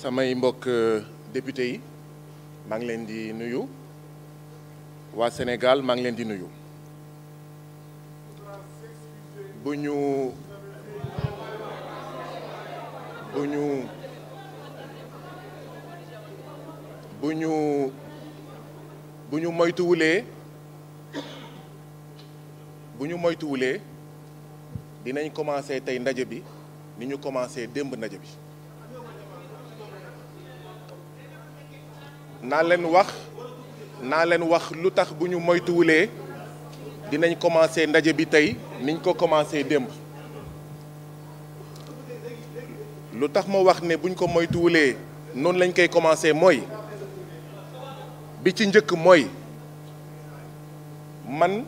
samay mbokk euh, député yi maa ngi leen di nuyu waa Sénégal maa ngi leen di nuyu bu ñu bu ñu bu ñu bu moytuwulee bu ñu moytuwulee dinañ commencé tey ndaje bi ni ñu commencé démb ndaje bi naa leen wax naa leen wax lu tax bu ñu moytuwulee dinañ commencé ndaje bi tey niñ ko commencé démb lu tax ma wax ne buñ ko moytuwulee noonu lañ koy commencé mooy bi ci njëkk mooy man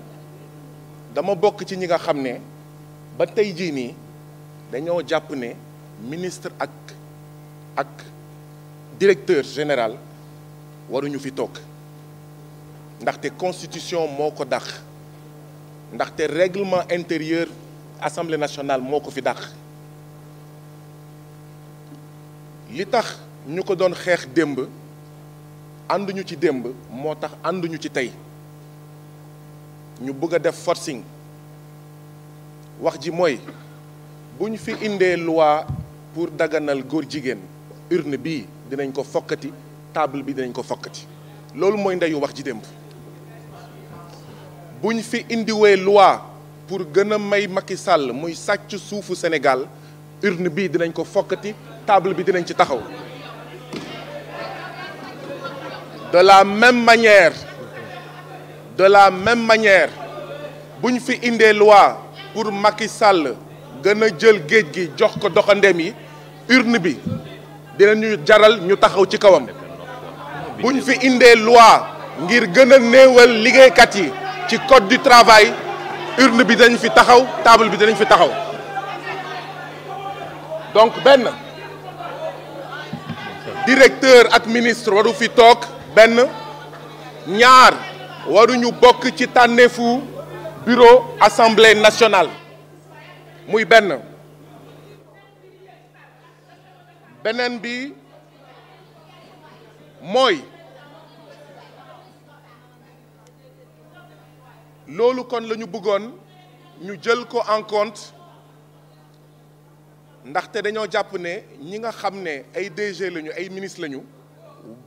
dama bokk ci ñi nga xam ne ba tey jii nii dañoo jàpp ne ministre ak ak directeur général waruñu fi toog ndaxte constitution moo ko dàq ndaxte réglement intérieur assemblée nationale moo ko fi dàq li tax ñu ko doon xeex démb ànduñu ci démb moo tax ànduñu ci tey ñu bëgg a def forcing wax ji mooy bu ñu fi indee loi pour daganal góor jigéen urne bii dinañ ko fokkati table bi dinañ ko fokkati loolu mooy ndeyu wax ji démb buñ fi indiwee loi pour gën a may Macky Sall muy sàcc suufu senegal urne bi dinañ ko fokkati table bi dinañ ci taxaw de la même manière de la même manière buñ fi indee loi pour Macky Sall gën a jël géej gi jox ko doxandeem yi urne bi dinañu jaral ñu taxaw ci kawam Nous fi des loi ngir code du travail urne bi dañ fi table bi dañ fi donc Ben, directeur ak ministre waru fi tok ñaar bureau assemblée nationale muy Ben, benen bi moy lolou kon lañu bëggone ñu jël ko en compte té dañoo japp né ñi nga xamné ay DG lañu ay ministre lañu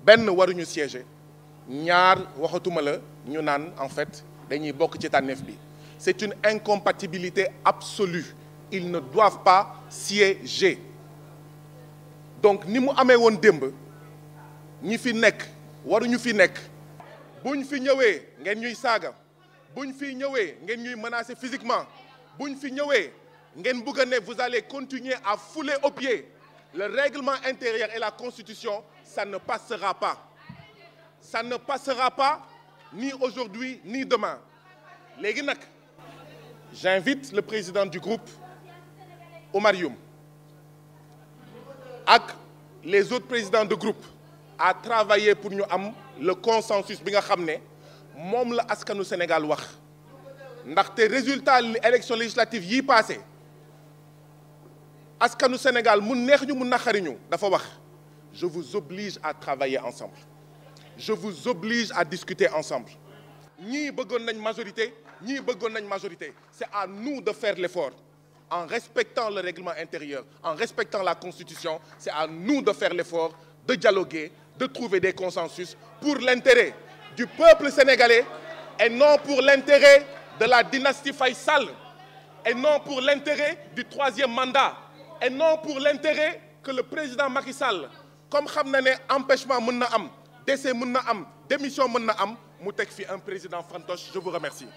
benn ñu siéger ñaar waxatuma la ñu naan en fait dañuy bok ci tanef bi c'est une incompatibilité absolue ils ne doivent pas siéger donc ni mu amé won demb nous fi nekk waruñu fi nek buñ fi ñëwé ngeen ñuy saga buñ fi ñëwé ngeen ñuy menacer physiquement buñ fi ñëwé ngeen bëgg vous allez continuer à fouler au pied. le règlement intérieur et la constitution ça ne passera pas ça ne passera pas ni aujourd'hui ni demain légui nak j'invite le président du groupe Omar Youm ak les autres présidents de groupe à travailler pour nous am le consensus bi nga xamné mom la askanu Sénégal wax té résultat élection législative yi passé askanu Sénégal mu neex ñu mu naqariñu dafa wax je vous oblige à travailler ensemble je vous oblige à discuter ensemble Ni bëggon nañ majorité ni bëggon nañ majorité c'est à nous de faire l'effort en respectant le règlement intérieur en respectant la constitution c'est à nous de faire l'effort de dialoguer de trouver des consensus pour l'intérêt du peuple sénégalais et non pour l'intérêt de la dynastie Faisal, et non pour l'intérêt du troisième mandat, et non pour l'intérêt que le président Macky Sall, comme Khamnane, empêchement Mouna Am, décès démission Mouna Am, Moutekfi, un président fantoche, je vous remercie.